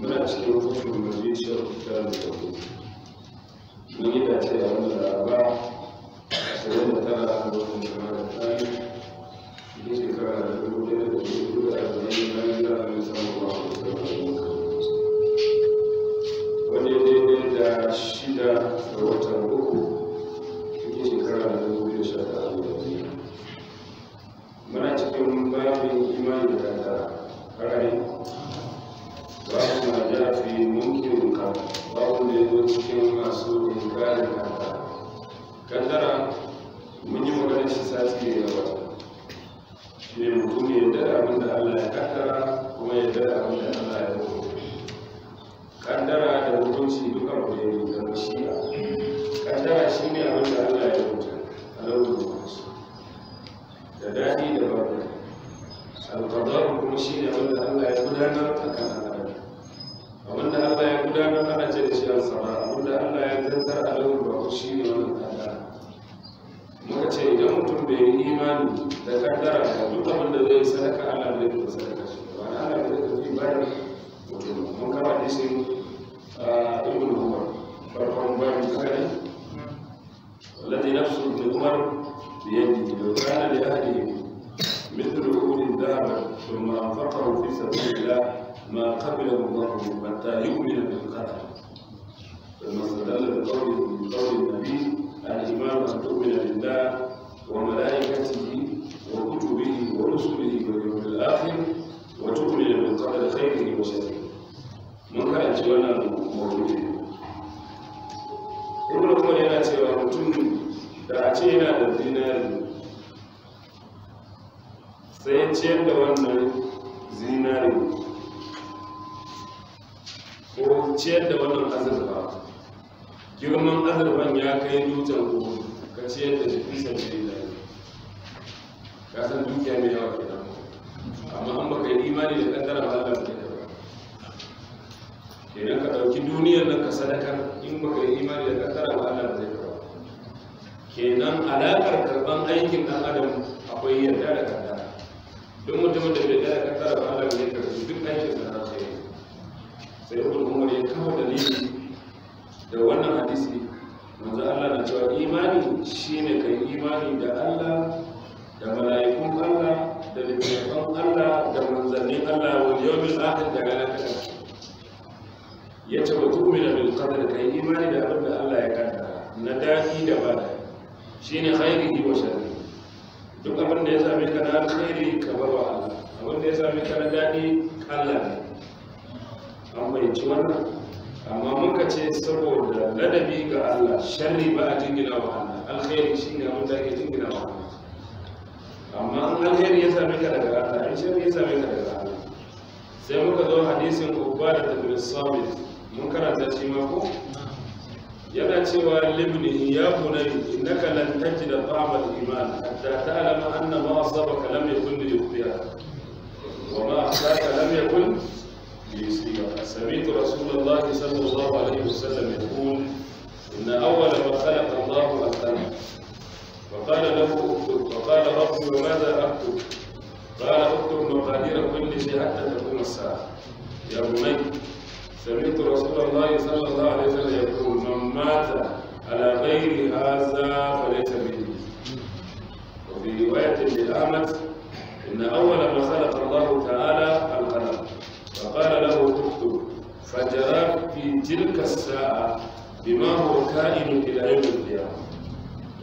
muna cikin hukun mazi ce hukutar da hudu mun yi dace a wani laraba ashirin da tara a lokacin jama'a da tsari da shekara da dubu ɗaya da dubu da arba'in na samun ba a kusa wani daidai da shida ga watan uku da shekara da dubu biyu da sha tara da biyu muna cikin babin imani da ta babu ba wanda cikin masu inkarin haka kaddara mun yi magana shi sati da yawa ثم انفقه في سبيل الله ما قبله الله حتى يؤمن بالقدر ثم استدل بقول قول النبي الايمان ان تؤمن بالله وملائكته وكتبه ورسله واليوم الاخر وتؤمن بالقدر خيره وشره من كان جوانا موجودا. ابن عمر yana cewa mutum da a sai ya ciyar da wannan zinari ko ciyar da wannan azurfa girman azurfan ya kai dutsen ko ka ciyar da shi fisan da ka san dukiya mai yawa kenan amma an baka yi imani da kaddara ba Allah zai ba kenan ka dauki duniyar nan ka sadakar in baka yi imani da kaddara ba Allah zai ba kenan alakar karban aikin dan adam akwai yarda da kaddara duk mutumin da bai da kaddara ba Allah bai karbi duk aikin sa na sai sai Ibn Umar ya kama dalili da wannan hadisi manzo Allah na cewa imani shine kai imani da Allah da mala'ikun Allah da littattafan Allah da manzannin Allah wa yawmil akhir da ranar ƙarshe ya ce ba wa tu'mina bil qadar kai imani da abin da Allah ya kaddara na dafi da bada shine khairihi wa sharrihi duk abin da ya sami ka na alkhairi ka bar wa Allah abin da ya sami ka na daɗi Allah ne an bayyanci wannan amma muka ce saboda ladabi ga Allah sharri ba a jingina wa Allah alkhairi shi ne abin da ake jingina wa Allah amma an alheri ya sami ka daga Allah in sharri ya sami ka daga Allah sai muka zo hadisin ubba da tabbis sabit mun karanta shi ma ko يانا سوى لابنه يا بني انك لن تجد طعم الايمان حتى تعلم ان ما اصابك لم يكن ليخطئك وما اخطاك لم يكن ليصيبك سمعت رسول الله صلى الله عليه وسلم يقول ان اول ما خلق الله الدم فقال له اكتب فقال ربي وماذا اكتب قال اكتب مقادير كل شيء حتى تكون الساعه يا بني سمعت رسول الله صلى الله عليه وسلم يقول من مات على غير هذا فليس مني وفي رواية لأحمد إن أول ما خلق الله تعالى القلم فقال له اكتب فجرى في تلك الساعة بما هو كائن إلى يوم القيامة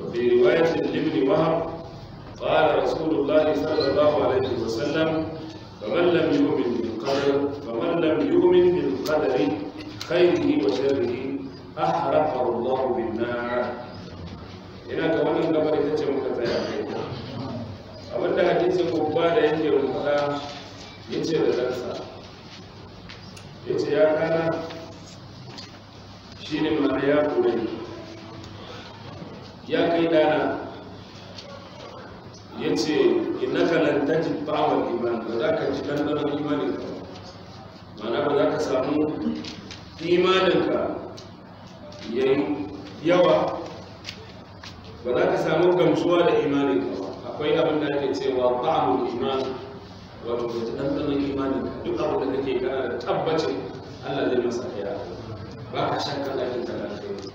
وفي رواية لابن وهب قال رسول الله صلى الله عليه وسلم فمن لم يؤمن القدر ومن لم يؤمن بالقدر خيره وشره أحرقه الله بالنار ina ga wannan gabar ita ce muka tsaya kai abinda hadisi babba da yake rubuta yace da dansa yace ya kana shine mana ya kure ya kai dana yace innaka lan tajid ba'al iman da zaka ji dandanon imanin ka mana ba za ka samu imaninka ya yi yawa ba za ka samu gamsuwa da imaninka ba akwai abin da ake cewa ba'amul iman wato ka ji ɗanɗanon imaninka duk abu da kake kana da tabbacin allah zai masa ɗaya ba ka shakka ɗakin da lafiya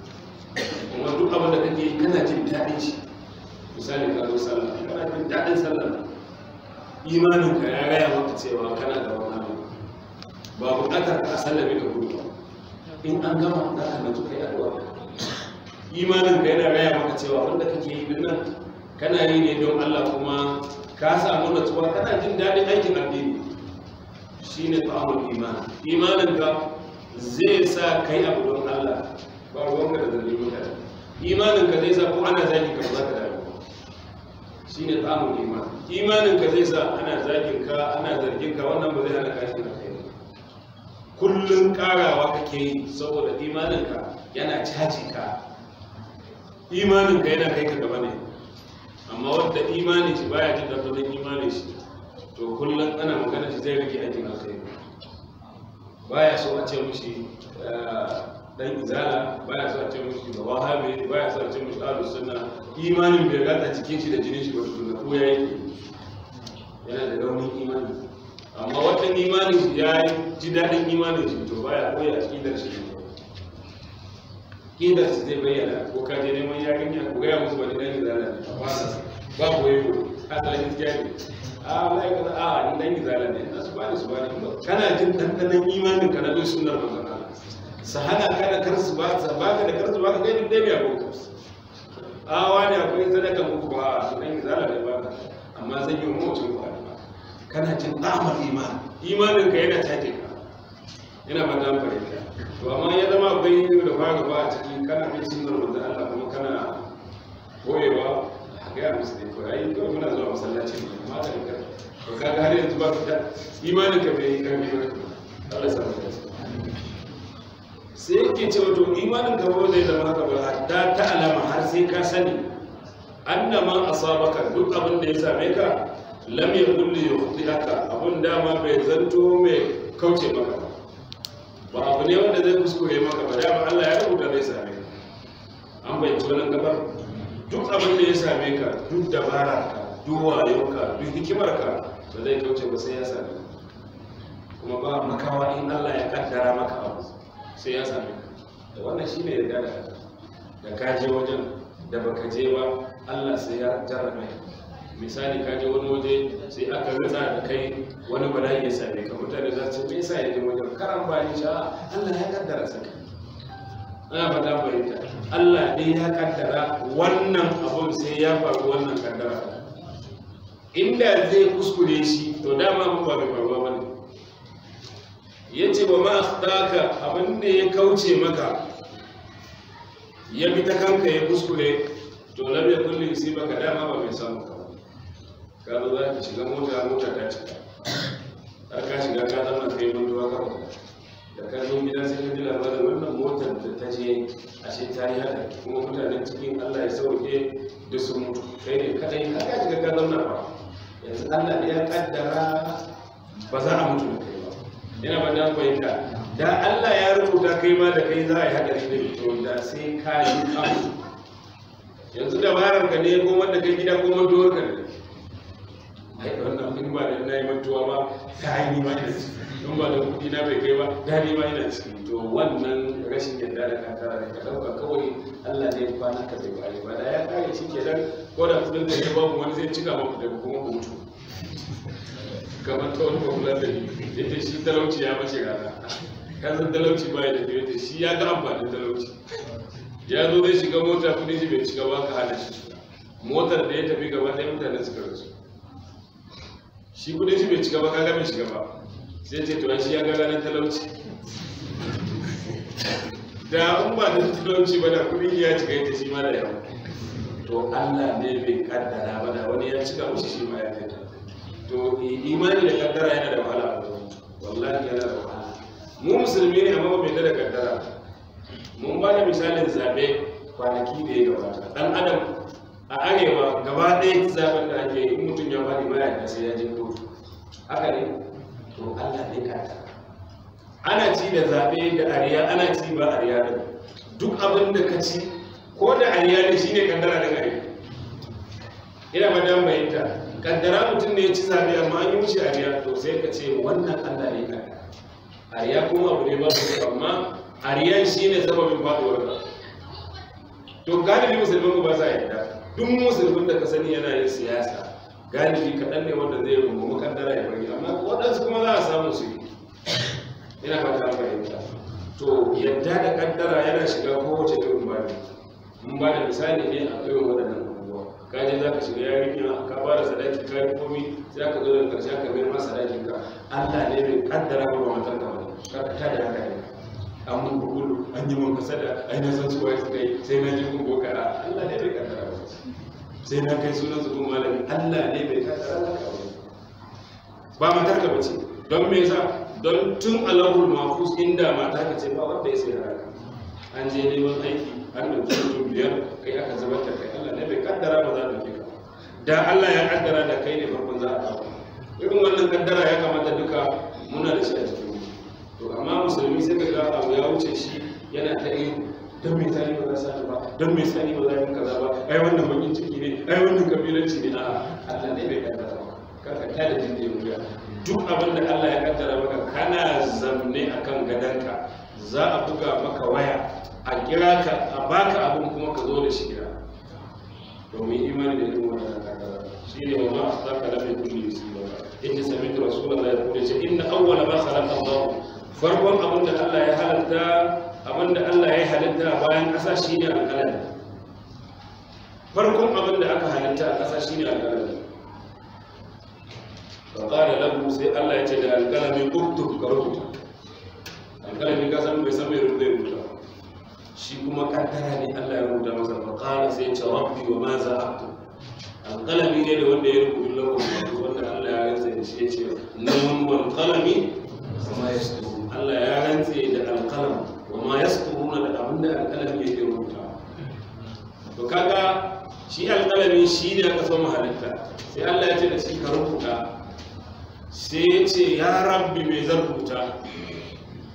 kuma duk abin da kake kana jin daɗin shi misali ka zo sallah kana jin daɗin sallah imaninka ya gaya maka cewa kana da wani abu ba buƙatar a sallame da kuma in an gama za ka mutu kai addu'a imanin ka yana raya maka cewa wanda kake yi din nan kana yi ne don Allah kuma ka samu natsuwa kana jin daɗin aikin addini shine ta'amul iman imanin ka zai sa kai abu don Allah ba ruwan ka da zargin mutane imanin ka zai sa ko ana zaki ka ba za ka Shi shine ta'amul iman imanin ka zai sa ana zakin ka ana zargin ka wannan ba zai hana ka shi na kai kullum karawa kake yi saboda imaninka yana caji ka imaninka yana kai ka gaba ne amma wanda imanin shi baya jin daɗin imanin shi to kullum ana magana shi zai rage aikin alkhairi baya so a ce mushi dan eh, izala baya so a ce mushi da wahabi baya so a ce mushi ahlus sunna imanin bai gata cikin shi da jinin shi ba to ko yayi yana da launin imani amma wata imanin shi ya ji daɗin imanin shi to baya koya aƙidar shi aƙidar su zai bayyana ko ka je neman yarinya ko gaya musu wani ɗan izala ne ba ko yi ko asalin gaskiya ne a wani kaza a ni ɗan izala ne na su bani su bani kana jin ɗanɗanon imanin ka na bin sunnar manzon Allah su hana ka da kar su ba ka da kar su ba ka kai duk ɗaya mai abokan a wani akwai sadaka muku ba a ɗan izala ne ba amma zan yi wa mutum ba kana jin ɗamar iman imanin ka yana take ka yana ba dan fahimta to amma ya zama akwai da fara ba a ciki kana bin sunnar manzon Allah kuma kana koyewa ga ya musu dai ko ai to muna zuwa masallaci ne amma da ka to kaga har yanzu ba fita imanin ka bai karbi ba Allah sa ka sai yake cewa to imanin ka ba zai zama haka ba hatta ta alama har sai ka sani annama asabaka duk abin da ya same ka lam ya li yukhti'aka abun dama bai zanto mai kauce maka ba abu ne wanda zai kuskure maka ba dama Allah ya rubuta zai same ka an bai ci wannan gabar duk abin da ya same ka duk dabara ka duk wayonka duk hikimar ka ba zai kauce ba sai ya same ka kuma ba makawa in Allah ya kaddara maka abu sai ya same ka da wannan shine yarda da da ka je wajen da baka je ba Allah sai ya jarrabe ka misali ka je wani waje sai aka rutsa da kai wani bala'i ya same ka mutane za su ce me yasa ya je wajen karan ba ni sha'a Allah ya kaddara saka ana fata fahimta Allah ne ya kaddara wannan abun sai ya faru wannan kaddara inda zai kuskure shi to dama mu ba da faruwa ba ne ya ce ba ma akhtaka abin da ya kauce maka ya bi ta kanka ya kuskure to lam kullum sai baka dama ba mai samu ka ka zo za ka shiga mota mota ta cika ta ka shiga ka zama kai mantuwa ka da ka zo gida sai ka ji labarin wannan motar da ta je a ce ta yi haka kuma mutanen cikin allah ya sauke da su mutu kai ne kadai ka ka shiga ka zauna ba yanzu allah ne ya kaddara ba za a mutu da kai ba yana ba da fahimta da allah ya rubuta kai ma da kai za a yi haɗari da ito da sai ka yi abu yanzu dabarar ka ne ko wanda kai gida ko mantuwar ka ne haɗa na in ba da na yi mantuwa ba da ni ma ina ciki in ba da kuɗi na bai kai ba da ni ma ina ciki to wannan rashin yadda da ka tara ka ɗauka kawai Allah ne kwana ka bai bari ba da ya kare shi kenan ko da kuɗin da ya babu wani zai cika maku da kuma hutu kamar ta wani kwakwular da ya ce shi talauci ya mace rana kasan talauci ba ya tafiye ta shi ya ga amfanin talauci ya zo zai shiga mota kuɗi shi bai shiga ba ka hana shi motar da ya tafi gaba ɗaya mutane suka rasu shi kudin shi bai cigaba kaga bai shiga ba sai ce to shi ya ga ranar talauci da an ba da talauci ba da kudin ya cika ita shi mara yawa to Allah ne bai kaddara ba da wani ya cika mushi shi ma ya kai to imani da kaddara yana da wahala a wallahi yana da wahala mu musulmi ne amma bai da kaddara mun ba da misalin zabe kwanaki da ya gabata dan adam a arewa gaba ɗaya zaben da ake yi mutum ya faɗi ma ya sai ya jin haka ne to Allah ne ta. ana ci da zaɓe da ariya ana ci ba ariya da duk abin da ka ci ko da ariya ne shi ne kaddara da ariya ina ba dan bayyanta kaddara mutum ne ya ci zaɓe amma an yi mishi ariya to sai ka ce wannan Allah ne ta. ariya kuma abu ne ba su amma ariyan shi ne sababin faɗuwar ka to galibi musulmin ba za a yarda duk musulmin da ka sani yana yin siyasa galibi kaɗan ne wanda zai rungumi makandara ya bari amma waɗansu kuma za a samu su yana fata fahimta to yadda da kaddara yana shiga kowace rumba bani mun ba da misali ne a kai waɗannan abubuwa ka je za ka shiga yarinya ka fara sadaki ka yi komi sai ka zo da ƙarshe ka bai masa sadakin ka Allah ne mai kaddara ka ba matar ka ba ka ka tada haka ne an mun bukulu an yi mun kasada ai na san su wai suka yi sai na ji kun bokara Allah ne mai kaddara ba sai na kai sunan su kuma malami Allah ne bai kaddara ba matar ka bace don me yasa don tun alawul mafus inda mata ka ce ba wanda ya sai haka an je neman aiki an da mutum biyar kai aka zubar da kai Allah ne bai kaddara ba za ta ka da Allah ya kaddara da kai ne farkon za a kawo irin wannan kaddara ya kamata duka muna da shi a cikin to amma musulmi sai ka ga abu ya wuce shi yana ta yi don mai sani ba za su ba don mai sani ba za yi kaza ba ai wannan bakin ciki ne ai wannan kabilanci ne a Allah ne bai kaddara ba kaka ta da jinde wuya duk abin da Allah ya kaddara maka kana zamne akan gadanka za a buga maka waya a kira ka a baka abin kuma ka zo da shi gida domin imani da irin wannan kaddara shi ne wa ma asaka lam yakun yusiba yace sami rasulullahi ya ce inna awwala ma khalaqa Allah farkon abin da Allah ya halatta abinda Allah ya halitta bayan ƙasa shi ne alƙalami farkon abinda aka halitta a ƙasa shi a alƙalami ba ƙara lagu sai Allah ya ce da alƙalami uktub ka rubuta alƙalami kasan san bai san mai rubuta ya rubuta shi kuma kaddara ne Allah ya rubuta masa ba ƙara sai ya ce rabbi wa ma za a alƙalami ne da wanda ya rubuta lagu wanda Allah ya rantsa da shi ya ce nan wani kalami kuma ya Allah ya rantse da alƙalam kuma ya sukuruna da abin da alƙalami yake rubuta to kaga shi alƙalami shi ne aka so mahalitta sai Allah ya ce da shi ka rubuta sai ya ce ya rabbi mai zan rubuta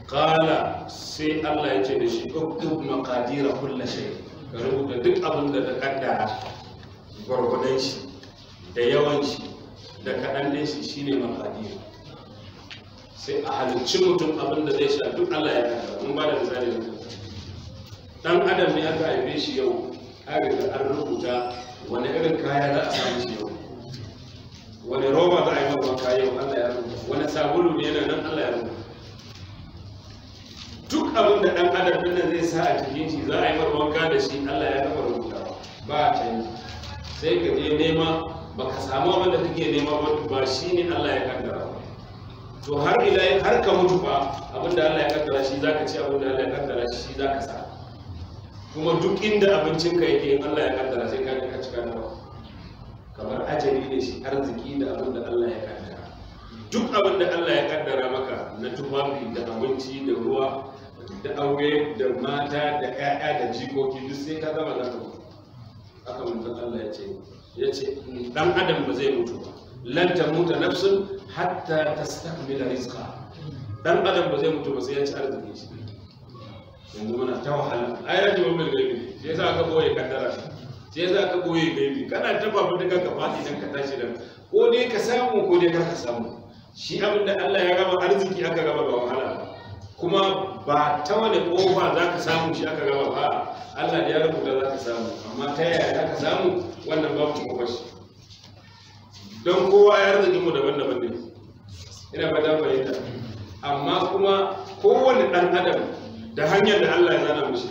kala sai Allah ya ce da shi uktub maqadira kulli shay ka rubuta duk abin da ta kaddara gwargwadon shi da yawan shi da kaɗan ɗin shi shine maqadira sai a halicci mutum abin da zai sha duk Allah ya kada mun ba da misali da dan adam ne aka haife shi yau an da an rubuta wani irin kaya za a samu shi yau wani roba za a yi mawa kaya yau Allah ya rubuta wani sabulu ne yana nan Allah ya rubuta duk abin da dan adam din zai sa a cikin shi za a yi mawa wanka da shi Allah ya gama rubuta ba a canji sai ka je nema baka samu abin da kake nema ba shi ne Allah ya kaddara ba to har ila har ka mutu ba abinda Allah ya kaddara shi zaka ci abinda Allah ya kaddara shi zaka sa kuma duk inda abincin ka yake in Allah ya kaddara sai ka ka cika nawa kamar ajali ne shi arziki da abinda Allah ya kaddara duk abinda Allah ya kaddara maka na tufafi da abinci da ruwa da aure da mata da ƴaƴa, da jikoki duk sai ka zama zaka Ba haka manzon Allah ya ce ya ce dan adam ba zai mutu ba lan tamuta nafsun hatta tastakmila rizqa dan adam ba zai mutu ba sai ya ci arziki shi yanzu muna ta wahala ai raji wa bil gaibi sai yasa ka boye kaddara sai yasa ka boye gaibi kana ta ba da ka fadi dan ka tashi da ko dai ka samu ko dai ka samu shi abin da Allah ya raba arziki aka raba ba wahala kuma ba ta wani kofa za ka samu shi aka raba ba Allah ya rubuta za ka samu amma ta yaya za ka samu wannan babu kofar shi don kowa ya arzikin mu daban-daban ne ina fata fahimta amma kuma kowane ɗan adam da hanyar da Allah ya zana mishi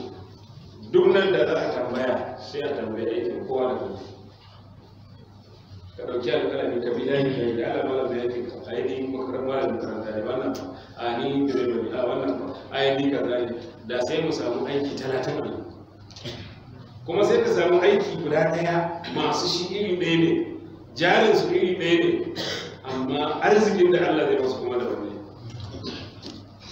duk nan da za a tambaya sai a tambaya aikin kowa da kowa ka ɗauki alƙalami ka bi layi layi da Allah malam da yake ka ni makaramar da makaranta ne wannan a ni direba da a wannan a ni kaza ne da sai mu samu aiki talatin ne kuma sai ka samu aiki guda ɗaya masu shi iri ɗaya ne jarin su iri ɗaya ne amma arzikin da Allah zai masu kuma da wani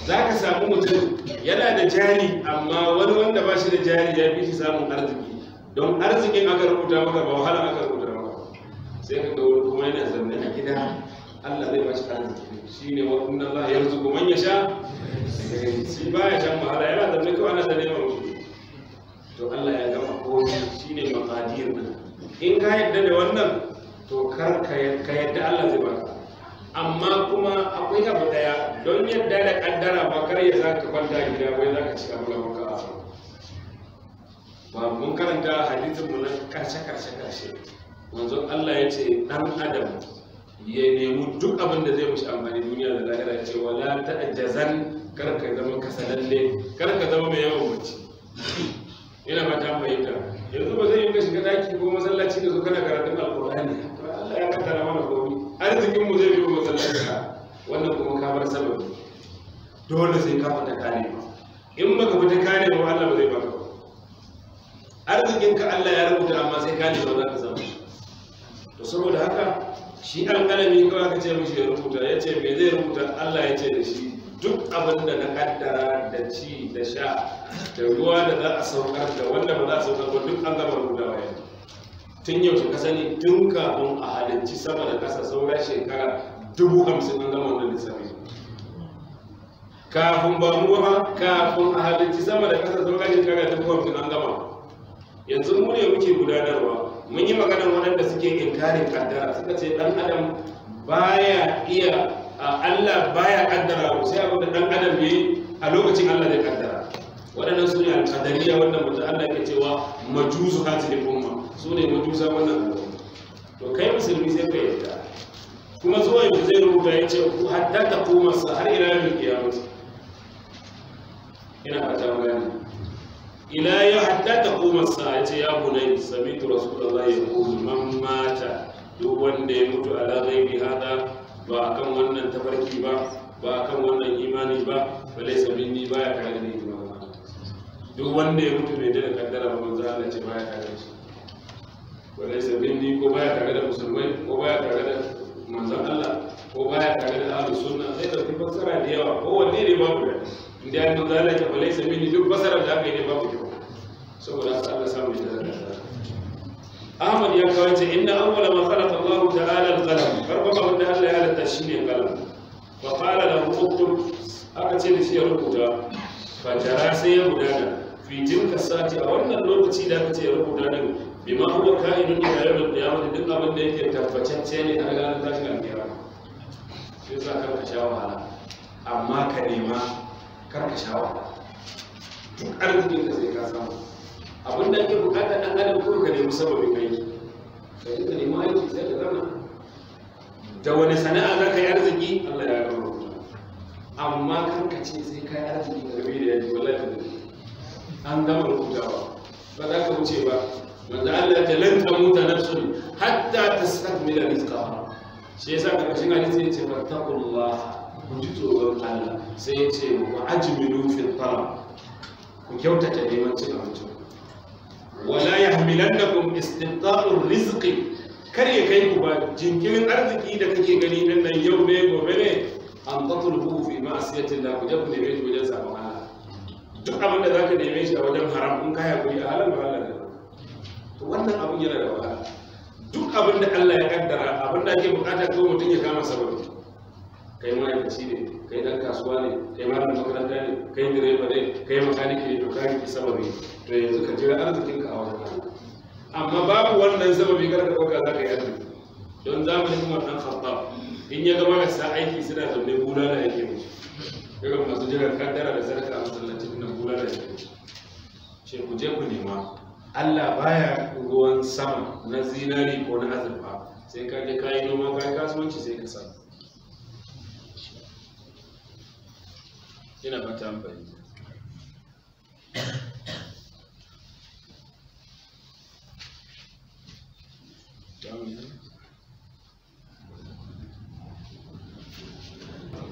za ka samu mutum yana da jari amma wani wanda ba shi da jari ya fi shi samun arziki don arzikin aka rubuta maka ba wahala aka rubuta maka sai ka ga wani kuma yana zanne a gida Allah zai ba shi arziki shi ne wa inna Allah ya rizuku man ya sha shi ba ya shan wahala yana zanne kawai ana zanne ma mutum to Allah ya gama komai shi ne nan. in ka yadda da wannan to kar ka yadda Allah zai baka amma kuma akwai abu daya don yadda da kaddara ba kar ya zaka kwanta gida bai ka ci abu gaban ka ba mun karanta hadisin mu na karshe karshe karshe wanzu Allah ya ce dan adam ya nemi duk abin da zai mishi amfani duniya da lahira ce wala ta'jazan kar ka zama kasalalle kar ka zama mai yawan mace ina ta fahimta yanzu ba zai yi ka shiga daki ko masallaci da zo kana karatun alqur'ani tattara mana komi arzikin mu zai biyo masallacin ka wannan kuma ka bar sababi dole sai ka fita kare ba in baka fita kare ba Allah ba zai baka ba arzikin ka Allah ya rubuta amma sai kare ba za ka samu to saboda haka shi an kalami kawai aka ce mishi ya rubuta ya ce me zai rubuta Allah ya ce da shi duk abin da na kaddara da ci da sha da ruwa da za a saukar da wanda ba za a saukar ba duk an gama rubutawa yanzu tun yaushe ka sani tun kafin a halinci sama da kasa saura shekara dubu hamsin an gama wannan lissafi kafin ba mu ba kafin a halinci sama da kasa saura shekara dubu hamsin na gama yanzu mu ne muke gudanarwa mun yi maganar waɗanda suke inkarin kaddara suka ce ɗan adam baya iya Allah baya kaddara sai abin da ɗan adam ne a lokacin Allah da kaddara waɗannan su ne alƙadariya wanda mutum Allah ke cewa majusu hatilin su ne majusa wannan al'umma to kai musulmi sai ka yadda kuma zuwa yanzu zai rubuta ya ce ku haddata komarsa har ila yau mutu? ina fata gani ila ya haddata komarsa ya ce ya bunai samitu rasulullah ya kuma man mata duk wanda ya mutu ala ghairi hada ba kan wannan tafarki ba ba kan wannan imani ba balai sabinni ba ya kare ne duk wanda ya mutu bai da kaddara ba manzo Allah ce ba ya kare shi وليس مني كوبايا تعتقد المسلمين كوبايا تعتقد من زعم الله كوبايا تعتقد أهل السنة هذا إيه في بصرة ديوا هو دين بابه عند أهل مدارة وليس مني جو بصرة جاب دين بابه جو سو الله سال الله سامي جل أحمد يا كويت إن أول ما خلق الله تعالى القلم ربما قد أهل هذا التشيني القلم وقال له اكتب أكتب في ربك فجرى سيا مدانا في تلك الساعة أولا لو بتي لا bima huwa ka'inun ila yawm al-qiyamah duk abin da yake tabbatacce ne a ga tashin al-qiyama sai sa ka sha wahala amma ka nema kar ka sha wahala duk arzikin da zai ka samu abin da ake bukata dan adam ko ka nemi sababin kai ka yi ka nemi aiki sai ka zama da wani sana'a za ka yi arziki Allah ya gama amma kar ka ce sai ka yi arziki da rabi da yaji wallahi an gama rubutawa ba za ka wuce ba من ذلك لن تموت نفس حتى تستكمل رزقها شيخ عبد الرحمن قال سيدي واتقوا الله وجدوا الله سيدي واجملوا في الطلب وكيوتا تديما تلعبتم ولا يحملنكم استبطاء الرزق كري كيكو با جنكين ارزقي اذا كيكي غني ان يوم يوم ان تطلبوا في معصيه الله وجبني بيت وجزا وعلا دكتور عبد الرحمن قال لي حرام ان كان يقول يا هلا to wannan abin yana da wahala duk abin da Allah ya kaddara abin da ake bukata ko mutum ya kama sabon kai ma'aikaci ne kai dan kasuwa ne kai malamin makaranta ne kai direba ne kai makaniki ne to ka rike sababi to yanzu ka jira arzikin ka a wannan amma babu wannan sababi kar ka dauka zaka yi arziki don zamanin dan khattab in ya gama sa aiki suna zaune da yake musu irin masu jiran kaddara da sadaka a masallacin nan da yake musu ce ku je ku nema Allah baya ruwan sama na zinari ko na azurfa sai ka je kayi noma kayi kasuwanci sai ka samu ina fata amfani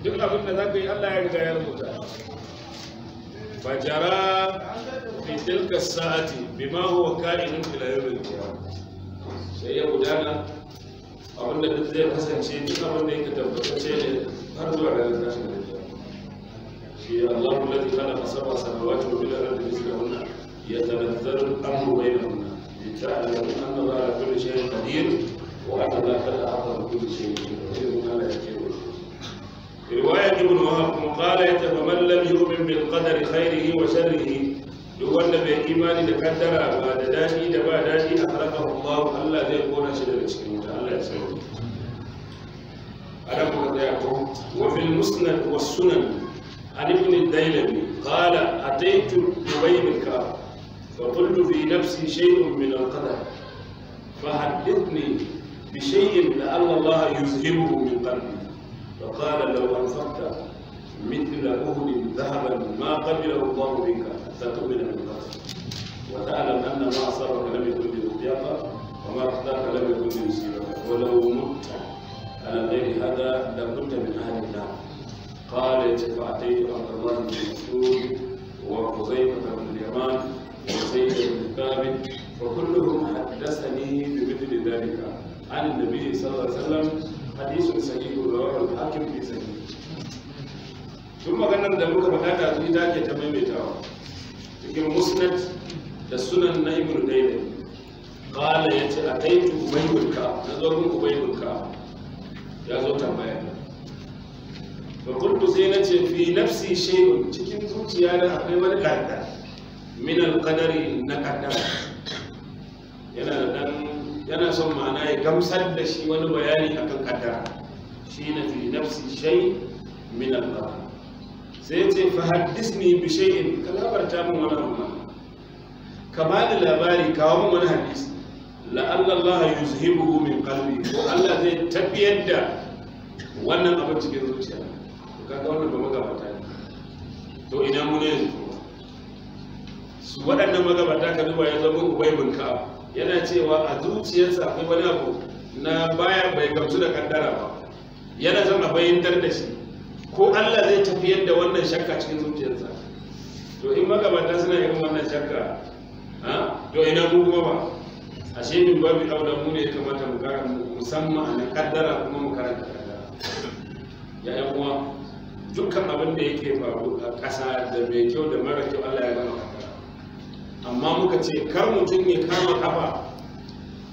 duk abin da za ka yi Allah ya riga ya rubuta فجرى في تلك الساعة بما هو كائن إلى يوم القيامة. شيء أبو أبو النبي صلى الله شيء أبو النبي تبقى شيء فردوا على الناس من شيء الله الذي خلق سبع سماوات وبلا رد مثلهن يتنذر الأمر بينهن لتعلم أن الله على كل شيء قدير وأن ذاك الأعظم كل شيء قدير وما لا يكفي رواية الواجب مقالته فمن لم يؤمن بالقدر خيره وشره يولى بإيمان لكدر بعد داشي دبا ذلك أخلقه الله ألا يكون شد الإسكيموت ألا يسلم أنا قلت وفي المسند والسنن عن ابن الديلمي قال أتيت أبي بن فقلت في نفسي شيء من القدر فحدثني بشيء لعل الله يذهبه من قلبي فقال لو أنفقت مثل أهل ذهبا ما قبله الله منك ستؤمن بالبخس وتعلم أن ما أصابك لم يكن ليخطئك وما أخطأك لم يكن ليصيبك ولو مت على غير هذا لكنت من أهل النار قال يتفعتي عبد الله بن مسعود وحذيفة بن اليمان وزيد بن ثابت وكلهم حدثني بمثل ذلك عن النبي صلى الله عليه وسلم hadisun sahihi da rawar hakim ke sahihi Tun maganar da muka faɗa da su ita ke ta maimaitawa cikin musnad da sunan na ibnu daidai qala yace ataitu ubaybul ka na zo gun ubaybul ya zo tambaya fa qultu sai ce fi nafsi shay'un cikin zuciya da akwai wani kadda min al qadari na kaddara yana da dan tana son ma'ana ya gamsar da shi wani bayani a kan kaddara shi na fi nafsi shai min Allah sai ce fa haddisni bi shay'in ka labarta min wani abu ka bani labari kawo min wani hadisi la'alla Allah yuzhibuhu min qalbi ko Allah zai tafiyar da wannan abin cikin zuciya kaga wannan ba magabata ne to idan mun yanzu su waɗannan magabata ka duba ya zama ubai bin ka'ab yana cewa a zuciyarsa akwai wani abu na baya bai gamsu da kaddara ba yana son a bayyantar da shi ko Allah zai tafi yadda wannan shakka cikin zuciyarsa to in magabata suna yin wannan shakka to ina mu kuma ba ashe min babu aula mu ne kamata mu kara musamman na kaddara kuma mu karanta kaddara ya yan uwa dukkan abin da yake faru a ƙasa da mai kyau da mara kyau Allah ya gama amma muka ce kar mutum ya kama kafa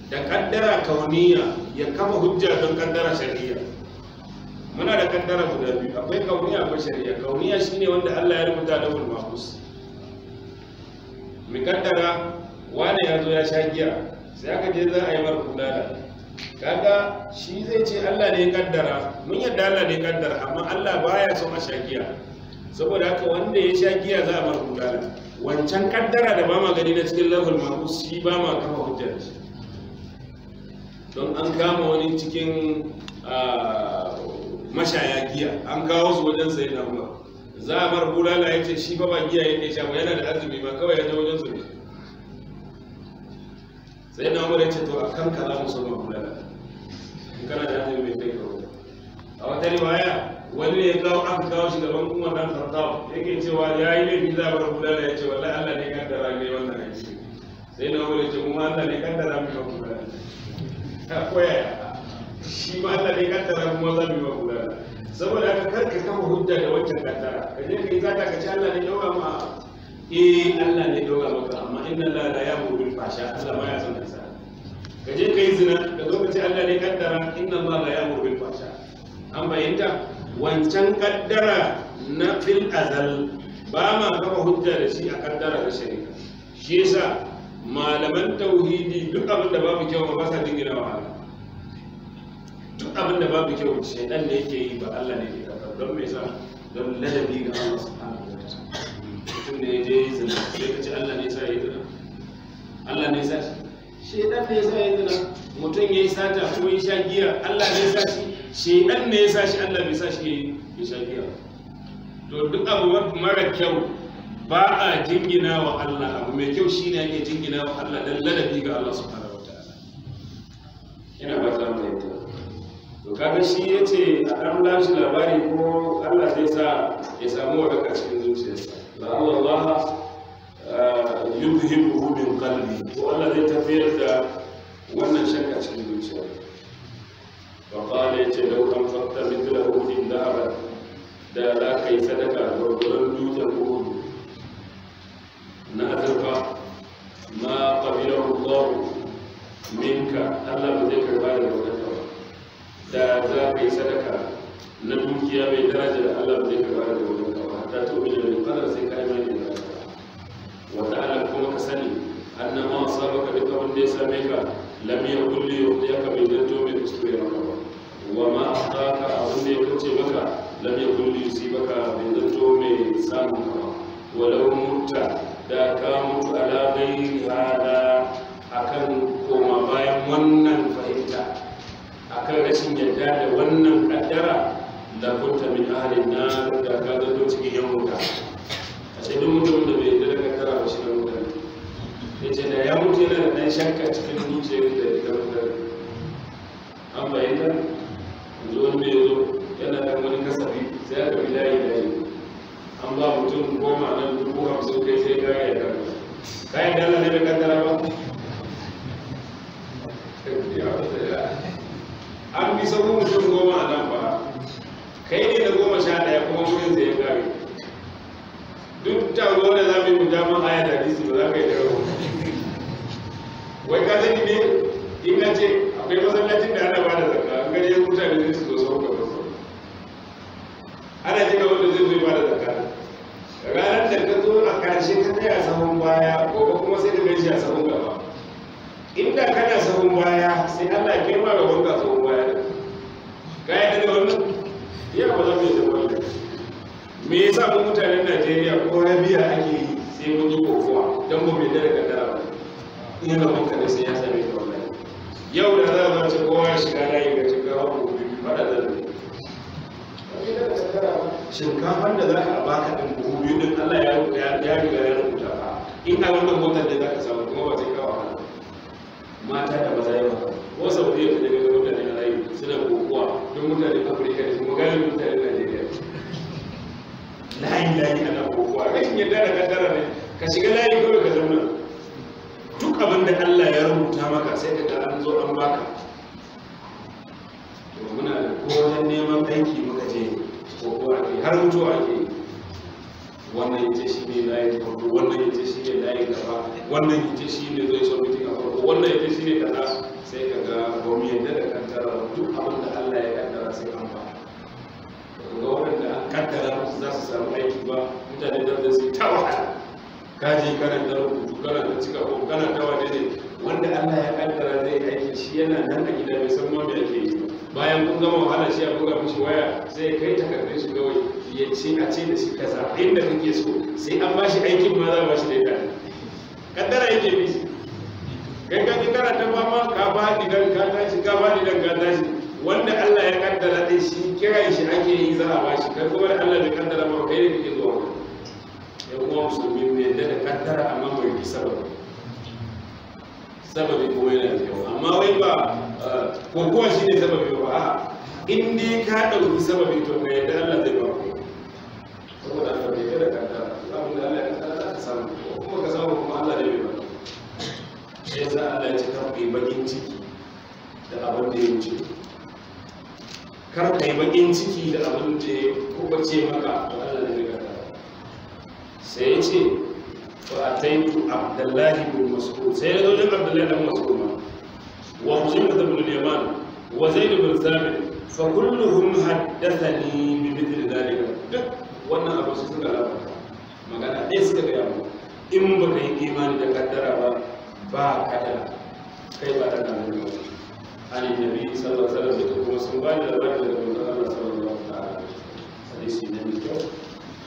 da kaddara kauniya ya kafa hujja don kaddara shari'a muna da kaddara guda biyu akwai kauniya akwai shari'a kauniya shine wanda Allah ya rubuta da wal mahfuz mi kaddara wane ya zo ya sha giya sai aka je za a yi mara kudada. kaga shi zai ce Allah ne ya kaddara mun yadda Allah ne ya kaddara amma Allah baya son a sha giya saboda haka wanda ya sha giya za a mara kulala wancan kaddara da ba ma gani na cikin lahul mahfuz shi ba ma kafa hujjar shi don an kama wani cikin mashaya giya an kawo su wajen sayi na umar za a bar bulala ya ce shi ba ba giya yake sha ba yana da azumi ba kawai ya je wajen su ne sai na umar ya ce to a kan za mu ba bulala in kana da azumi mai kai ka a wata riwaya wani ne ya kawo aka kawo shi gaban kuma dan khattawa yake cewa ya yi laifi za bar gudana, ya ce wallahi Allah ne kaddara ne wannan ce. sai na wuri ce kuma Allah ne kaddara mu ba gudana? ta koya shi ma Allah ne kaddara mu za mu ba gudana? saboda haka karka kafa hujja da wancan kaddara ka je ka yi zaka ka ce Allah ne daura ma eh Allah ne daura maka amma inna Allah la ya'muru bil fahsha Allah ma ya san sa ka je ka yi zina ka zo ka ce Allah ne kaddara inna Allah la ya'muru bil fahsha an bayyanta wancan kaddara na fil azal ba ma kafa hujja da shi a kaddara na shari'a shi yasa malaman tauhidi duk abin da babu kyau ba sa dingina wa duk abin da babu kyau shaidan ne yake yi ba Allah ne ke karɓar don me yasa don ladabi ga Allah subhanahu wa ta'ala mutum ne je yi zina sai ka ce Allah ne yasa yi zina Allah ne yasa shi shaidan ne yasa yi zina mutum ya yi sata ko ya sha giya Allah ne yasa shi shedan ne ya sa shi Allah bai sa shi ya shafiya to duk abu mara kyau ba a jingina wa Allah abu mai kyau shine ake jingina wa Allah dan ladabi ga Allah subhanahu ta'ala. ina ba za mu ta to kaga shi ce a ɗan lashi labari ko Allah zai sa ya samu wadaka cikin zuciyarsa la Allah eh, yudhibuhu min qalbi ko Allah zai tafiyar da wannan shakka cikin zuciyarsa وقال لو انفقت مثله في الذهب دا لا كيس لك وقلن تكون نادرك ما قبله الله منك الا بذكر ذكر بعد ذكر دا لا كيس لك نبوك يا بي درجه الا بذكر ذكر بعد ذكر حتى تؤمن قدر زكاة من الله وتعلم كما كسني ان ما اصابك بقبل ليس ميكا lam yakun li yuhdiyaka bi zanto mai kuskure maka ba wa ma ahdaka abin da ya kace maka lam yakun li yusibaka bi zanto mai samun ka ba walau mutta da ka mutu ala ghairi hada akan koma bayan wannan fahimta akan rashin yarda da wannan kaddara da kunta min ahlin nar da ka zanto cikin yan wuta a sai duk mutum da bai yarda da kaddara ba shi da mutane ya ce da ya mutu yana da ɗan shakka cikin zuciyar da ya karanta an bayyana yanzu wani mai yana da wani kasafi sai aka bi layi layi an ba mutum goma nan dubu hamsin kai sai ya da an bi sauran mutum goma a nan ba kai ne da goma sha kuma wurin zai ya kare duk taro da za mu yi aya ba za ka wai ka sani ne in na ce akwai masallacin da ana bada zakka an gani yanzu mutane zai su zo sau gaba sau ana ce ga wanda zai zai bada zakka ranar da ka zo a ƙarshe ka tsaya sahun baya ko kuma sai ka gaishe a sahun gaba inda kana sahun baya sai Allah ya kai ma ga wanda sahun baya ga yadda da wannan ya ba za mu yi da wannan me yasa mu mutanen Najeriya ko rabiya ake yi sai mun yi kokowa don mu bai da daga ina muka da sai ya same ta wallahi yau da za mu ci kowa ya shiga layi ga shiga wani gobe fara da zai shinkafar da za a baka din buhu biyu din Allah ya rubuta ya riga ya rubuta ka in ka rubuta motar da za ka samu kuma ba zai kawo hannu. mata da maza yawa ko sau da yadda daga mutane na rayu suna kokowa don mutane afirka da kuma gani mutane najeriya layi layi ana kokowa rashin yadda da kaddara ne ka shiga layi kawai ka zauna duk abin da Allah ya rubuta maka sai ka ga an zo an baka to muna da kowane neman aiki muka je ko ko ake har a ke wannan yace shi ne layin farko wannan yace shi ne layin gaba wannan yace shi ne zai so mutum a farko wannan yace shi ne kaza sai ka ga gomi yadda da kantara. duk abin da Allah ya kaddara sai an ba ga da an kaddara za su samu aiki ba mutane da zai ta wata. ka je karanta rubutu kana da cika ko ta da ne wanda Allah ya kaddara zai aiki shi yana nan a gida bai san ma me yake yi bayan kun gama wahala shi ya buga mishi waya sai kai takardun shi kawai ya ce a ce da shi kaza inda kake so sai an ba shi aikin ma za a ba shi da ita kaddara yake bi shi kai ka ji kana ta fama ka ba didan ka tashi ka ba didan ka tashi wanda Allah ya kaddara dai shi kiran shi ake yi za a ba shi kai kuma da Allah da kaddara ba kai ne kake zuwa yan uwa musulmi mai yadda da kaddara amma bai yi sababi sababi kuma yana da kyau amma wai ba eh, kokowa shi ne sababi ba a in dai ka ɗauki sababi to ka yadda Allah zai ba ku saboda haka bai yadda da kaddara abin da Allah ya kaddara za ka samu kuma ka samu kuma Allah ne bai ba shi yasa Allah ya ce kar bakin ciki da abin da ya wuce kar ka yi bakin ciki da abin da ya ce maka sai ya ce fa ataitu abdullahi bin mas'ud sai ya zo wajen abdullahi bin mas'ud wa huzaima bin yaman wa zaid bin thabit fa kulluhum haddathani bi mithli dhalika duk wannan abu su suka labarta magana ɗaya suka gaya mu in ba ka yi imani da kaddara ba ba kada kai ba da nan ne an yi nabi sallallahu alaihi wasallam da kuma sun ba da labarin da manzon Allah sallallahu alaihi wasallam hadisi na mai kyau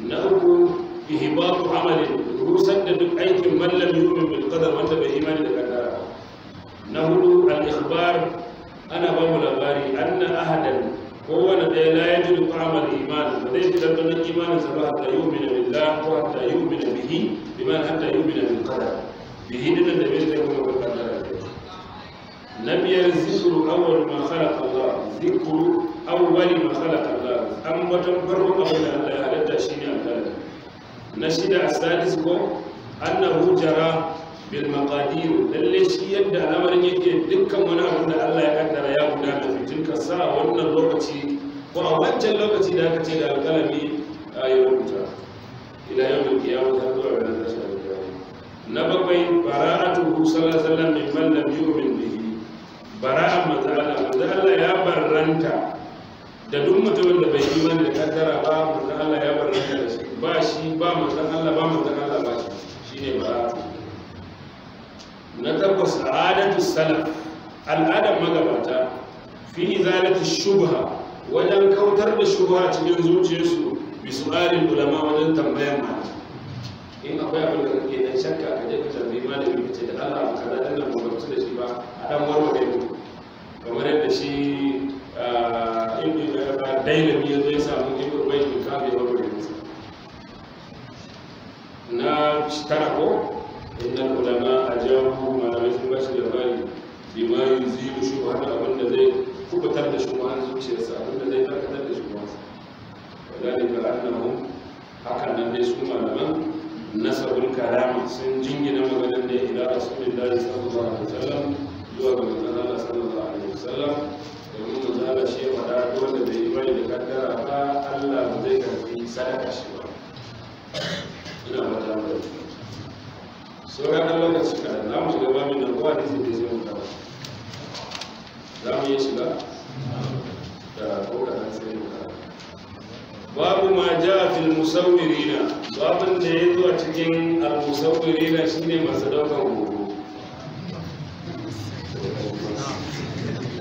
na uku ihbatu amalin rusar da duk aikin mallam yumin bil qadar wanda bai imani da kaddara na hudu al ikhbar ana ba mu labari anna ahadan kowane ɗaya la ya jiru ta'amal iman ba zai ji dandanon imanin sa ba hatta yu'mina billah ko hatta yu'mina bihi biman hatta yu'mina bil qadar bihi dinan da bai zai kuma bil qadar na biyar zikru awwal ma khalaqa Allah zikru awwal ma khalaqa an batun farko abin da Allah ya halatta shi ne alƙalami na shida a sadis ko annahu jara bil maqadir lalle shi yadda al'amarin yake dukkan wani abu da Allah ya kaddara ya da fitin ka sa wannan lokaci ko a wancan lokaci da aka ce da alƙalami a yi rubuta ila yau da kiyama ta zuwa ranar da shi na bakwai bara'atu sallallahu alaihi wasallam min man lam yu'min bihi bara'a manzo Allah manzo Allah ya barranta da duk mutumin da bai imani da kaddara ba manzon Allah ya bar da shi ba shi ba manzon Allah ba manzon Allah ba shi shine baratu na takwas adatu salaf al'adar magabata fi izalati shubha wajen kautar da shubha cikin zuciyarsu bi su'alin ulama wajen tambayan malami in akwai abin da kake dan shakka ka je ka tambayi malami ka ce da Allah ka da nan ba da shi ba a dan warware mu kamar yadda shi Eh, inda ya dailami ya zai samu ibn ruwai bin kabe wa rubutu na tara ko inda ulama a jawo malamai sun bashi labari bima yuzilu shubhan abin da zai kubutar da shubhan zuciyarsa abin da zai karkatar da shubhansa wadalika annahum hakan nan dai su malaman nasabul karama sun jingina maganar da ila rasulillahi sallallahu alaihi wasallam zuwa ga manzon Allah sallallahu alaihi wasallam domin mu zala shi ya faɗa duk wanda bai yi bane da kaddara ba Allah ba zai karbi sadaka shi ba ina mata da sauran ɗan lokaci ka za mu shiga bamin nan kowa hadisi bai zai mutu za mu iya shiga da kowa da sai mu babu ma ja fil musawwirina babun da ya zuwa cikin al musawwirina shine masu daukar hoto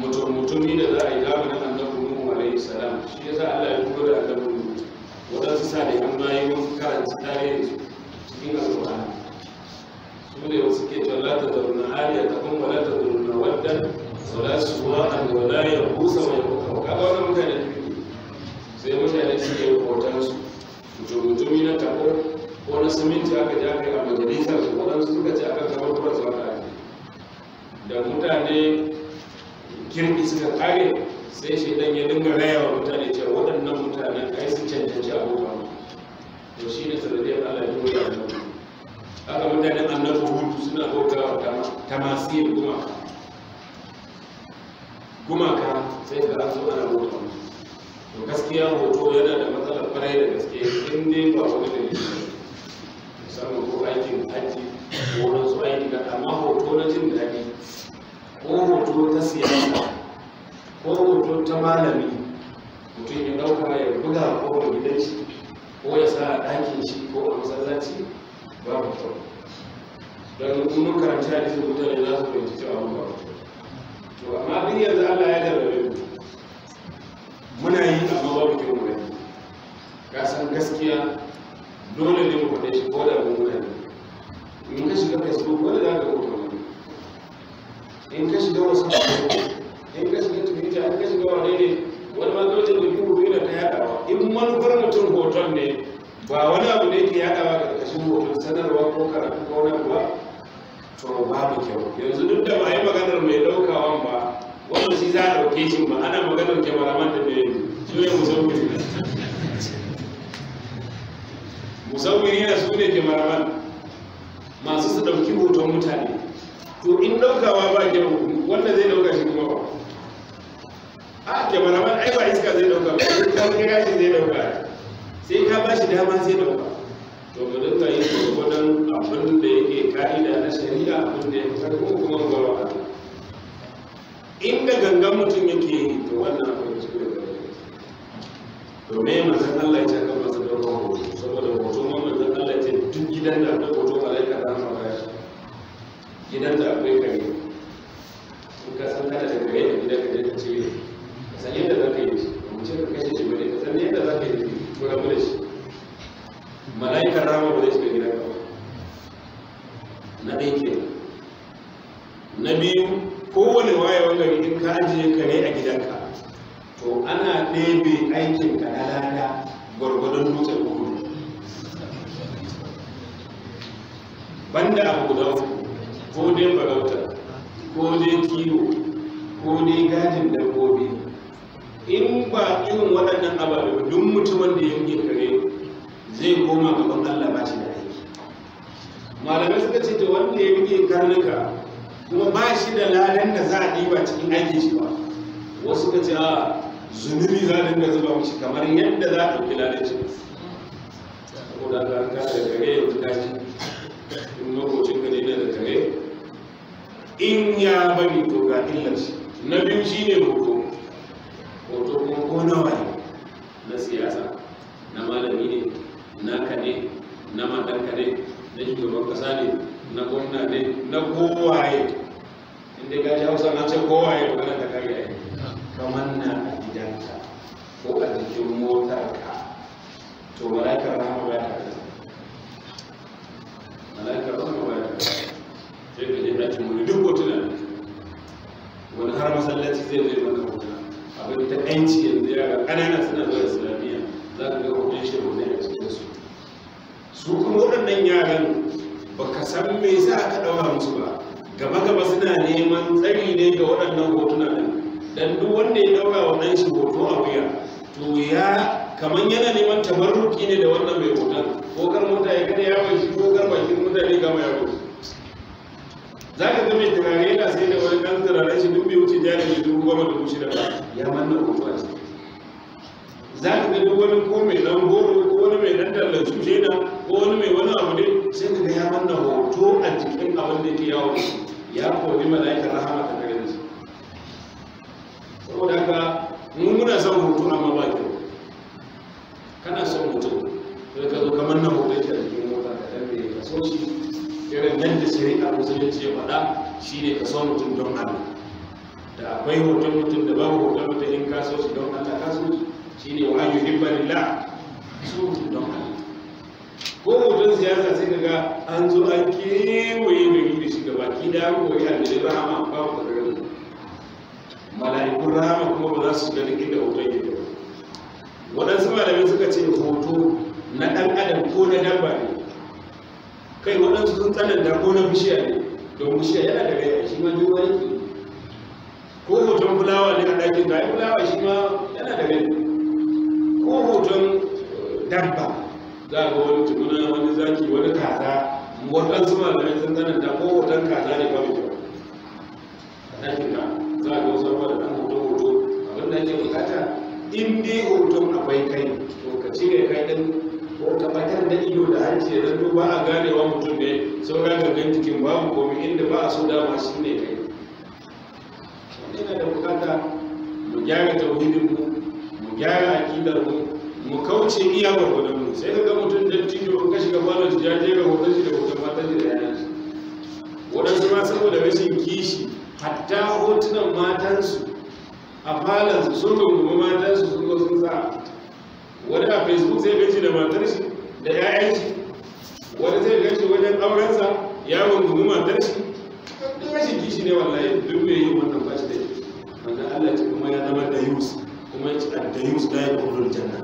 mutum mutumi da za a yi zamanin annabi Nuhu alaihi salam shi yasa Allah ya tura da annabi Nuhu wadansu salihan bayi mun karanta tarihin su cikin alƙur'ani su ne wasu ke cewa la tadruna aliya takum wa la tadruna waddan wa la suwa'an wa la mai wa yaqusa kaga wannan mutane sai mutane suke hoton su mutum-mutumi na tabo ko na siminti aka ji aka a majalisar su wadansu suka ce aka kama kuma zuwa aka da mutane kirki suka kare sai shaidan ya dinga raya wa mutane cewa waɗannan mutanen kai su cancanci a abubuwa to shi ne sanadiyar Allah ya dora da mutum haka mutanen annabi hudu suna bauta wa tamasir gumaka gumaka sai ga an zo ana bauta to gaskiya hoto yana da matsalar kwarai da gaske in dai ba wani da ne musamman ko aikin hajji ko wani su aiki da amma hoto na jin daɗi ko hoto ta siyasa ko hoto ta malami mutum ya dauka ya buga ko a gidan shi ko ya sa a ɗakin shi ko a masallaci babu kyau don in mun karanta da su mutane za su fahimci cewa mun babu to amma duk yanzu Allah ya garbe mu muna yi amma babu kyau mu ka san gaskiya dole ne mu faɗe shi ko da mun gani in ka shiga facebook wanda za ka hoto in ka shiga wasu in ka shiga twitter in ka shiga wane ne wani ma kawai da kuma manufar mutum hoton ne ba wani abu da yake yadawa daga kashin sanarwa ko karatu ko wani abu ba to babu kyau yanzu duk da ba yi maganar mai daukawan ba wanda shi a shi ba ana maganar kyamaraman da mai su ne musawiri musawiri na su ne masu su dauki hoton mutane to in daukawa ba kyau wanda zai dauka shi kuma ba a kyamaraman ai ba iska zai dauka ba kan kira shi zai dauka sai ka ba shi dama sai dauka to mu dinga yin gwargwadon abin da yake ka'ida na shari'a abin da ya fitar ko kuma gwarwa inda gangan mutum yake yi to wannan abin shi ne domin manzon Allah ya ce kan masa dauka hoto saboda hoto manzon Allah ya ce duk gidan da hoto 今天在开会。know it. so mutum don Allah da akwai hoton mutum da babu hoton mutum in kaso shi don Allah ka so shi ne wa yuhibba lillah su mutum don Allah ko hoton siyasa sai kaga an zo an kewaye gari da shi gaba ki da ko ya da rahama ba ku da rahama mala'ikun rahama kuma ba za su ga duk inda hoton yake ba waɗansu malamai suka ce hoto na ɗan adam ko na dabba ne kai waɗansu sun tsananta ko na bishiya ne domin shi yana da yi shi ma duk wani ko hoton fulawa ne a ɗakin da fulawa shi ma yana da rai ko hoton eh, dabba za a ga wani tukuna wani zaki wani kaza waɗansu da sun zanen da ko hoton kaza ne ba mutum a ɗakin da za a ga wasu abuwa da ɗan hoto hoto abin da ake bukata in dai hoton akwai kai to ka cire kai ɗin ka fatar da ido da hanci da zanto ba a ganewa mutum ne saura gangan jikin babu komi inda ba a so dama shi ne kai yana da bukata mu gyara tauhidin mu mu gyara akidar mu mu kauce iya gwargwadon mu sai ka ga mutum da tijo ka shiga falon shi ya jera hoton shi da hoton mata shi da yayan shi waɗansu ma saboda rashin kishi hatta hotunan matansu a falon sun rungumi matansu sun zo sun sa wani a facebook zai gaji da matar shi da 'ya'yan shi wani zai gaji wajen aurensa ya rungumi matar shi duk rashin kishi ne wallahi duk mai yin wannan ba shi da yi wanda Allah ce kuma ya zama da yus kuma ya ci a da yus da ya kudur janna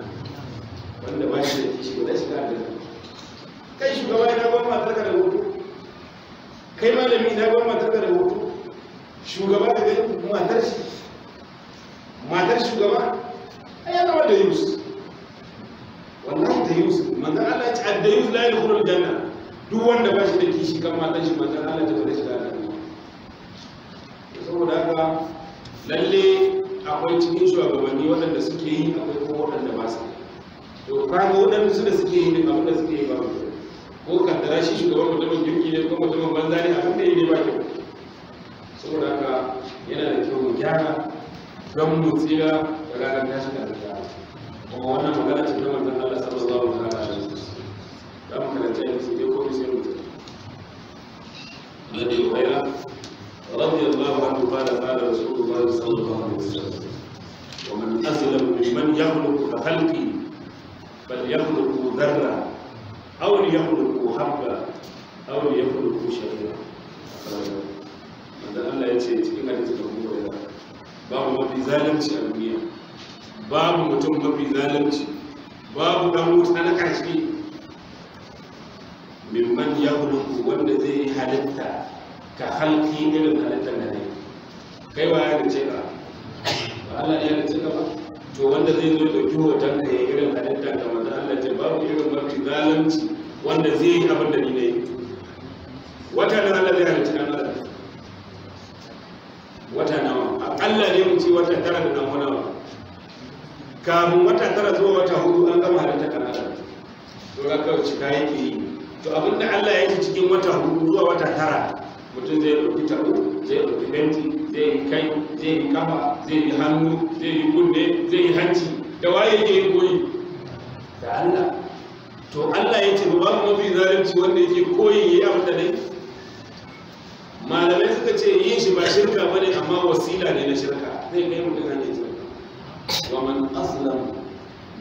wanda ba shi da kishi ba zai shiga kai shugaba ya ban matar ka da hoto kai malami ya ban matar ka da hoto shugaba da matar shi matar shugaba ai ya zama da yus التيوس من قال الله التيوس duk wanda ba shi da kishi kan matan shi Allah ta shi da saboda haka lalle akwai cikin shugabanni waɗanda suke yi akwai kuma waɗanda ba su to kaga waɗanda su da suke yi abin da suke yi ba ko kaddara shi shugaban mutumin girki ne ko mutumin banza ne abin da ne ba kyau saboda haka yana da kyau mu gyara don mu tsira da ranar tashi da kuma wannan magana ce ta manzon Allah sallallahu alaihi wasallam da mu karanta ne sai dai ko sai mu tafi الذي هريرة رضي الله عنه قال قال رسول الله صلى الله عليه وسلم ومن أسلم ممن يخلق كخلقي بل يخلق ذرة أو ليخلق حبة أو ليخلق شجرة wanda Allah ya ce cikin hadisi da kuma babu mafi zalunci a duniya babu mutum mafi zalunci babu dan wuta na kashi mimman ya hulunku wanda zai yi halitta ka halki irin halittar da zai kai ba ya rice ka ba Allah ya rice ka ba to wanda zai zo da hoton ka ya irin halitta ga manzo Allah ce babu irin mafi zalunci wanda zai yi abin da ni ne wata nan Allah zai halitta nan Allah wata nawa akalla ne mu ci wata tara da nan wani kafin wata tara zuwa wata hudu an gama da ta karatu ga kawai cika yake yi to abinda Allah ya ce cikin wata hudu zuwa wata tara mutum zai ɗauki tabo zai ɗauki fenti zai yi kai zai yi kafa zai yi hannu zai yi kunne zai yi hanci da waye ke yi koyi da Allah to Allah ya ce ba mafi zalunci wanda yake koyi ya yi abin da malamai suka ce yin shi ba shirka bane amma wasila ne na shirka zai kai mutum ومن أظلم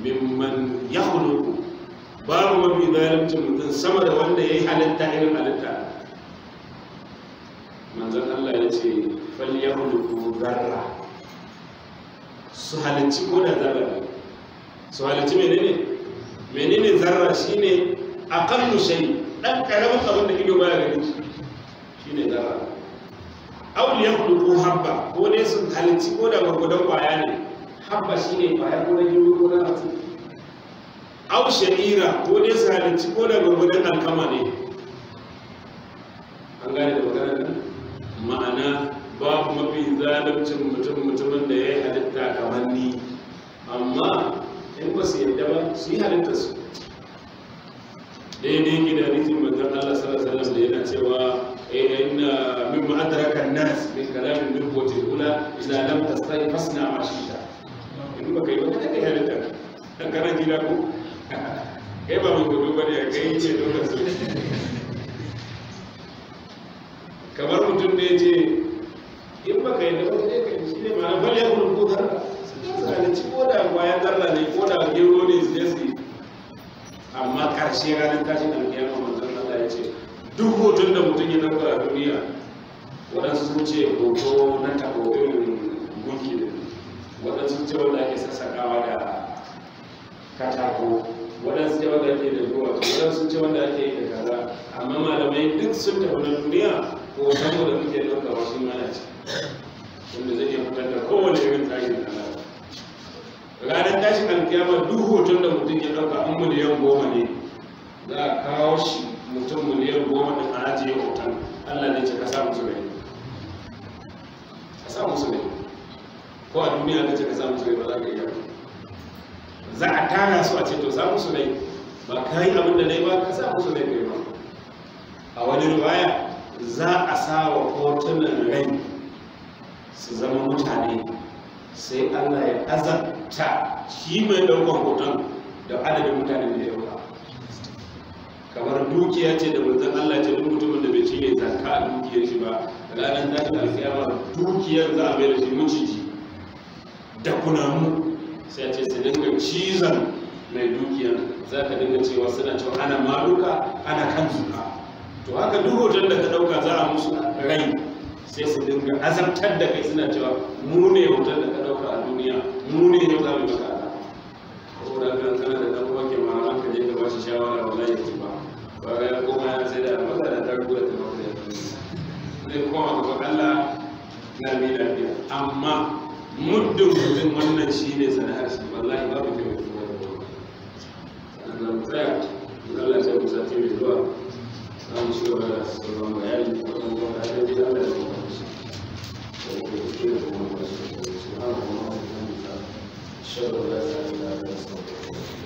ممن يخلق باب وفي ذلك من سمد وأن يحل التعلم على التعلم من ذلك الله يتي فليخلقوا ذرة سهلتي كون ذرة سهلتي منين menene zarra shine aqallu shay dan karamin abin da ido baya gani shine zarra aw liyaqdu habba ko ne sun halici ko da gurgudan kwaya ne habba shi ne kwaya ko na gini ko na hatsi au sha'ira ko dai su halicci ko da gwargwadon alkama ne an gane da magana nan ma'ana babu mafi zalunci mutum mutumin da ya yi halitta kamar ni amma in ba su yadda ba su yi halitta su daidai yake da rikin manzon Allah sallallahu alaihi wasallam da yana cewa eh, inna mimma adraka an-nas min kalamin nubuwati al-ula idza lam tastai fasna ma ta. in yi ba kada ka yi halitta dan kana jira ko kai ba mai gudu ba ne a ce dokar su kamar mutum da ya ce in baka yi da wata kai shi ne ma na ya gudu ko zarra su ta su ko da bayan zarra ne ko da gero ne su je amma karshe ranar tashin alkiyama manzon Allah ya ce duk hoton da mutum ya ɗauka a duniya waɗansu sun ce hoto na taɓo irin gunki da waɗansu ce wanda ake sassakawa da katako waɗansu ce wanda ake da duwatsu waɗansu ce wanda ake da kaza amma malamai duk sun tafi na duniya ko samu da muke ɗauka wasu mana ce wanda zai iya fitar da kowane irin tsarin nan ranar tashin alkiyama duk hoton da mutum ya ɗauka an miliyan goma ne za a kawo shi mutum miliyan goma ɗin a ajiye hoton Allah ne ce ka sa musu rai ka sa musu ko a duniya ka ce ka samu su ba za ka iya za a tara su a ce to samu su ne ba ka yi abin da ne ba ka samu su ne kai ba a wani riwaya za a sa wa hotunan rai su zama mutane sai allah ya azabta shi mai ɗaukar hoton da adadin mutanen da ya ɗauka kamar dukiya ce da manzon allah ce duk mutumin da bai cinye zakka a dukiyar shi ba ranar tashin alkiyama dukiyar za a mai da shi maciji da kunamu sai ce su dinga cizon mai dukiya za ka dinga cewa suna cewa ana maluka ana kan zuka to haka duk hoton da ka dauka za a musu rai sai su dinga azabtar da kai suna cewa mu hoton da ka dauka a duniya mu ne yau za mu ka ba shi shawara wallahi ya ci ba amma muddin mutum wannan shi ne sana'ar shi wallahi babu ta mai kuma da kuma sannan tsaya Allah ya musa ta mai zuwa za mu ci gaba da sauran bayani wannan kuma da ta bi Allah ya kuma shi سبحان الله وبحمده أشهد أن لا إله إلا الله